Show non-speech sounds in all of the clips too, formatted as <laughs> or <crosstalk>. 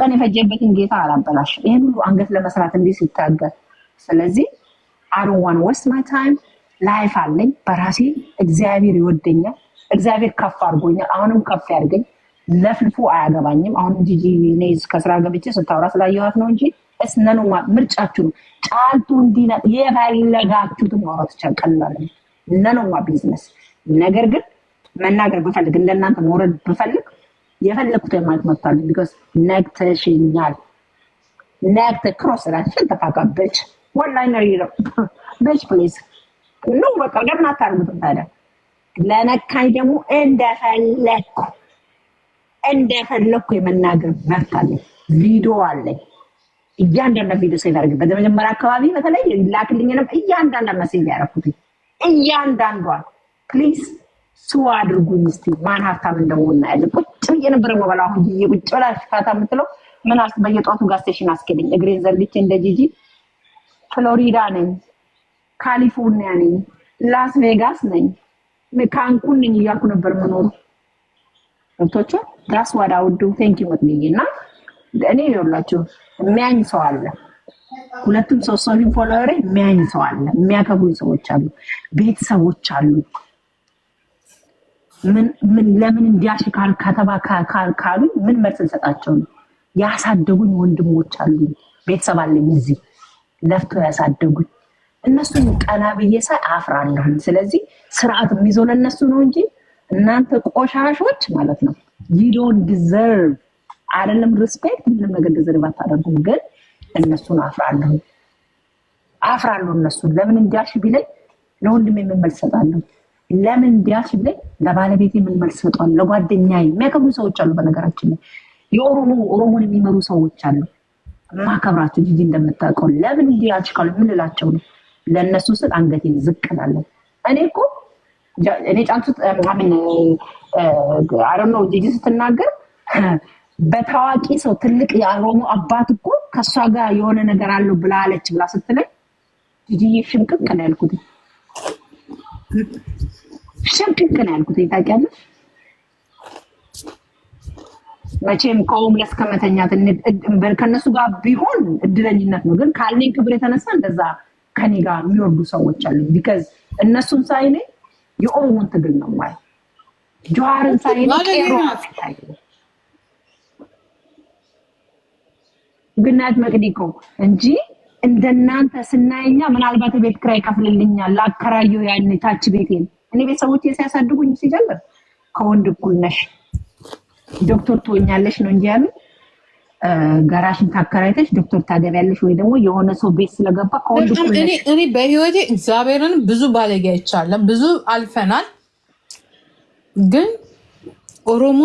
ቀን የፈጀበትን ጌታ አላበላሽ። ይህን ሁሉ አንገት ለመስራት እንዲህ ሲታገል፣ ስለዚህ አሩዋን ወስት ማይ ታይም ላይፍ አለኝ በራሴ እግዚአብሔር ይወደኛል። እግዚአብሔር ከፍ አድርጎኛል። አሁንም ከፍ ያድርገኝ። ለፍልፎ አያገባኝም። አሁን እንጂ እኔ ከስራ ገብቼ ስታወራ ስላየኋት ነው እንጂ እስነኑ ምርጫችሁ ነው። ጫልቱ እንዲና የፈለጋችሁትን ማውራት ይቻላል። ነነማ ቢዝነስ ነገር ግን መናገር ብፈልግ እንደናንተ መውረድ ብፈልግ የፈለኩት የማለት ማለት መጥቷል። ቢኮዝ ነግተሽኛል። ነግተ ክሮስ ራሽን ተፋቃበች ወላሂ ነው ይለው <laughs> በች ፕሌስ ኑ በቃ ለምን አታርጉትም ታዲያ? ለነካኝ ደግሞ እንደፈለኩ እንደፈለኩ የመናገር መብት አለኝ። ቪዲዮ አለኝ። እያንዳንዳ ቪዲዮ ሴት አደረግበት በመጀመሪያ አካባቢ በተለይ ላክልኝንም እያንዳንዳ መሴት ያደረኩት እያንዳንዷ ፕሊዝ ስዋ አድርጉኝ እስኪ ማን ሀብታም እንደሆነ ያለቁት ብዬ ነበር በኋላ አሁን ጊዜ ቁጭ ብላ ስፋታ የምትለው ምን አስ በየጧቱ ጋር ስቴሽን አስኬደኝ እግሬን ዘርግቼ እንደ ጂጂ ፍሎሪዳ ነኝ፣ ካሊፎርኒያ ነኝ፣ ላስ ቬጋስ ነኝ፣ ካንኩን ነኝ እያልኩ ነበር የምኖሩ ቶቹ ራስ ዋዳ ውዱ ቴንኪ መጥልኝ እና እኔ ይላችሁ የሚያኝ ሰው አለ ሁለቱም ሰው ሰው ፎሎወሬ የሚያኝ ሰው አለ። የሚያከብሩ ሰዎች አሉ፣ ቤተሰቦች አሉ። ምን ለምን እንዲያሽ ከተባ ካሉኝ ምን መልስ እንሰጣቸው ነው? ያሳደጉኝ ወንድሞች አሉኝ፣ ቤተሰብ አለኝ፣ እዚህ ለፍቶ ያሳደጉኝ እነሱን ቀና ብዬ ሳይ አፍራለሁ። ስለዚህ ስርዓት የሚይዘው እነሱ ነው እንጂ እናንተ ቆሻሾች ማለት ነው ዩዶን ዲዘርቭ deserve አይደለም ሪስፔክት ምንም ነገር ዲዘርቭ አታደርጉም። ግን እነሱን አፍራለሁ አፍራለሁ እነሱን ለምን እንዲያሽ ቢለኝ ለወንድም የምመልስ እሰጣለሁ። ለምን ቢያልሽ ብለኝ ለባለቤቴ ምን መልስ ሰጧል። ለጓደኛ የሚያከብሩ ሰዎች አሉ። በነገራችን ላይ የኦሮሞ ኦሮሞን የሚመሩ ሰዎች አሉ። ማከብራቸው ጂጂ እንደምታውቀው ለምን እንዲያች ካሉ ምን እላቸው ነው? ለእነሱ ስል አንገቴን ዝቅ እላለሁ። እኔ እኮ እኔ ጫንቱ ምን አረነው ጂጂ ስትናገር <clears throat> በታዋቂ ሰው ትልቅ የኦሮሞ አባት እኮ ከእሷ ጋር የሆነ ነገር አለው ብላለች ብላ ስትለኝ ጂጂ ሽምቅቅ ነው ያልኩት። ሽምቅቅ ነው ያልኩት። ታውቂያለሽ መቼም ከመተኛት ጋር ቢሆን እድለኝነት ነው። ግን ካለኝ ክብር የተነሳ እንደዛ ከኔ ጋር የሚወርዱ ሰዎች አሉ። ቢከዝ እነሱን ሳይኔ የኦሮሞን ትግል ነው ማለት ጀዋርን ሳይኔ ቄሮ ግናት እንጂ እንደናንተ ስናየኛ ምናልባት ቤት ክራይ ከፍልልኛል ላከራየው ያን ታች ቤቴን እኔ ቤተሰቦቼ ሲያሳድጉኝ ሲጀምር ከወንድ እኩል ነሽ ዶክተር ትሆኛለሽ ነው እንጂ ያሉ ጋራሽን ታከራይተሽ ዶክተር ታገቢያለሽ ወይ ደግሞ የሆነ ሰው ቤት ስለገባ ከወንድ እኩል ነሽ። እኔ በህይወቴ እግዚአብሔርን ብዙ ባለጌ አይቻለም፣ ብዙ አልፈናል። ግን ኦሮሞ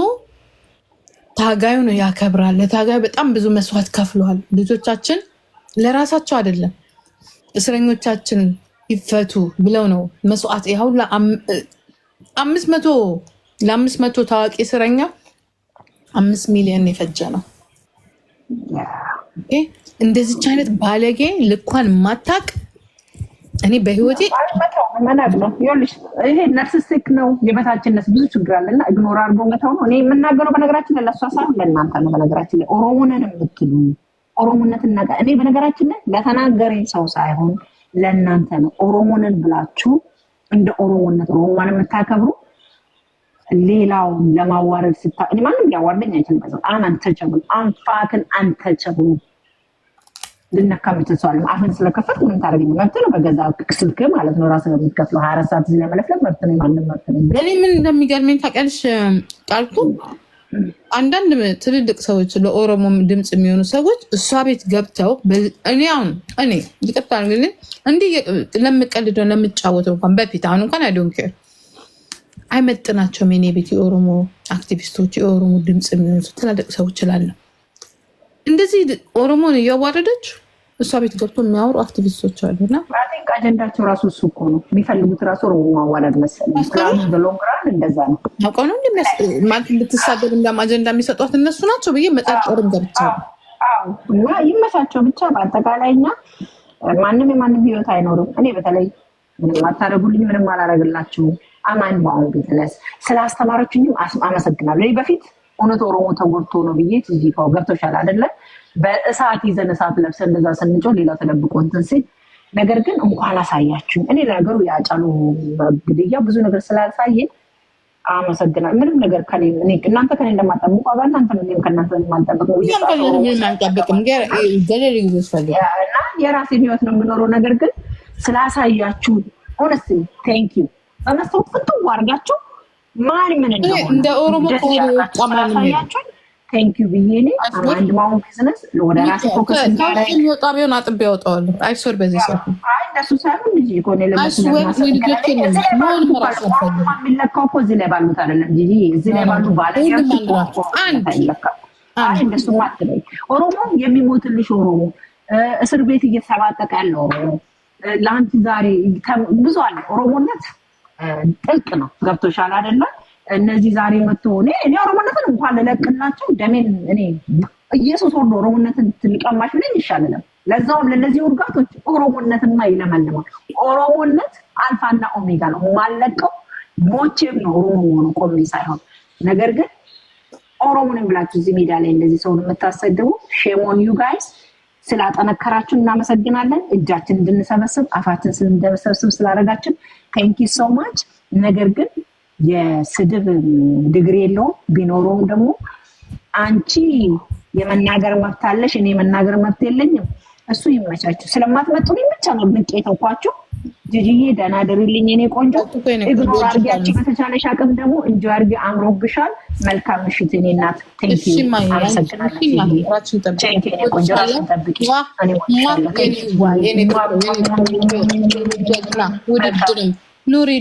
ታጋዩ ነው ያከብራል። ለታጋዩ በጣም ብዙ መስዋዕት ከፍለዋል። ልጆቻችን ለራሳቸው አይደለም እስረኞቻችን ይፈቱ ብለው ነው መስዋዕት ይኸው አምስት መቶ ለአምስት መቶ ታዋቂ እስረኛ አምስት ሚሊዮን የፈጀ ነው። እንደዚች አይነት ባለጌ ልኳን ማታቅ እኔ በህይወቴ መናቅ ነው። ይሄ ነርስስክ ነው የበታችነት ብዙ ችግር አለና ኢግኖር አድርጎ መተው ነው። እኔ የምናገረው በነገራችን ላይ ለእሷ ሳይሆን ለእናንተ ነው። በነገራችን ላይ ኦሮሞንን የምትሉ ኦሮሞነት እናቀ እኔ በነገራችን ላይ ለተናገረኝ ሰው ሳይሆን ለእናንተ ነው። ኦሮሞንን ብላችሁ እንደ ኦሮሞነት ኦሮሞን የምታከብሩ ሌላውን ለማዋረድ ስታ ማንም ሊያዋርደኝ አይችልም። አንተቸብል አንፋክን አንተቸብሉ ልነካ ምትሰዋል። አፍን ስለከፈት ምን ታደርገኝ? መብት ነው። በገዛ ስልክ ማለት ነው ራስ የምትከፍለው ሀያ አራት ሰዓት ስለመለፍለፍ መብት ነው። ማንም መብት ነው። እኔ ምን እንደሚገርመኝ ታውቂያለሽ ጣልኩ አንዳንድ ትልልቅ ሰዎች ለኦሮሞ ድምፅ የሚሆኑ ሰዎች እሷ ቤት ገብተው እኔ አሁን እኔ ይቅርታ ግን እንዲህ ለምቀልደው ለምጫወተው እንኳን በፊት አሁን እንኳን አይዶን ኬር አይመጥናቸውም። የኔ ቤት የኦሮሞ አክቲቪስቶች የኦሮሞ ድምፅ የሚሆኑ ትላልቅ ሰዎች እላለሁ። እንደዚህ ኦሮሞን እያዋረደች እሷ ቤት ገብቶ የሚያወሩ አክቲቪስቶች አሉ እና አጀንዳቸው ራሱ እሱ እኮ ነው የሚፈልጉት። ራሱ ማዋለድ መሰለኝ በሎንግራን እንደዛ ነው አውቀው ነው ማለት እንድትሳደብ እንዳም አጀንዳ የሚሰጧት እነሱ ናቸው ብዬ መጠርጠርም ገብቻለሁ። እና ይመቻቸው ብቻ። በአጠቃላይ እኛ ማንም የማንም ህይወት አይኖርም። እኔ በተለይ ምንም አታደርጉልኝ፣ ምንም አላደርግላችሁም። አማን በአሁኑ ቢዝነስ ስለ አስተማሪዎችም አመሰግናለሁ በፊት እውነት ኦሮሞ ተጎድቶ ነው ብዬ ትዚፋው ገብቶሻል አደለ? በእሳት ይዘን እሳት ለብሰን እንደዛ ስንጮህ ሌላ ተደብቆ እንትን ሲል ነገር ግን እንኳን አላሳያችሁም። እኔ ለነገሩ የአጫሉ ግድያ ብዙ ነገር ስላሳየ አመሰግናል። ምንም ነገር እናንተ ከኔ እንደማጠብቁ አባ እናንተ ነው ከእናንተ እንደማጠብቅ እና የራሴን ህይወት ነው የምኖረው። ነገር ግን ስላሳያችሁ ሆነስ ቴንኪው በመስታወት ፍንትው አድርጋችሁ ማን ምን እንደ ኦሮሞ ብዬ እኔ አንድ ማሁን ቢዝነስ ወደ ራሴ ቢሆን አጥቤ ያወጣዋለሁ። አይሶር በዚህ ሰ ሳይሆን የሚለካው እኮ እዚህ ላይ ባሉት አይደለም እዚህ ላይ ባሉ ባለ አትበይ። ኦሮሞ የሚሞትልሽ ኦሮሞ እስር ቤት እየተሰባጠቀ ያለ ኦሮሞ ለአንቺ ዛሬ ብዙ አለ ኦሮሞነት ጥልቅ ነው። ገብቶሻል አይደለ? እነዚህ ዛሬ መጥቶ እኔ እኔ ኦሮሞነትን እንኳን ልለቅላቸው ደሜን እኔ ኢየሱስ ወርዶ ኦሮሞነትን ትልቀማሽ ብለኝ ይሻልለም። ለዛውም ለእነዚህ ውርጋቶች ኦሮሞነትማ ይለመልማል። ኦሮሞነት አልፋና ኦሜጋ ነው። ማለቀው ሞቼም ነው ኦሮሞ ሆኖ ቆሜ ሳይሆን ነገር ግን ኦሮሞንም ብላችሁ እዚህ ሜዳ ላይ እንደዚህ ሰውን የምታሰድቡ ሼሞን ዩ ጋይስ ስላጠነከራችሁ እናመሰግናለን። እጃችን እንድንሰበስብ አፋችን እንድንሰበስብ ስላደረጋችን ቴንኪ ሶ ማች። ነገር ግን የስድብ ዲግሪ የለውም። ቢኖረውም ደግሞ አንቺ የመናገር መብት አለሽ፣ እኔ የመናገር መብት የለኝም። እሱ ይመቻችሁ። ስለማትመጡ ብቻ ነው ብቄ ተውኳችሁ። ጅጅዬ ደህና ደሩልኝ እኔ ቆንጆ። እግሮ አርጊያችን በተቻለሽ አቅም ደግሞ እንጂ አርጊ አምሮብሻል። መልካም ምሽት እኔ እናት። አመሰግናለሁ። ኑሪ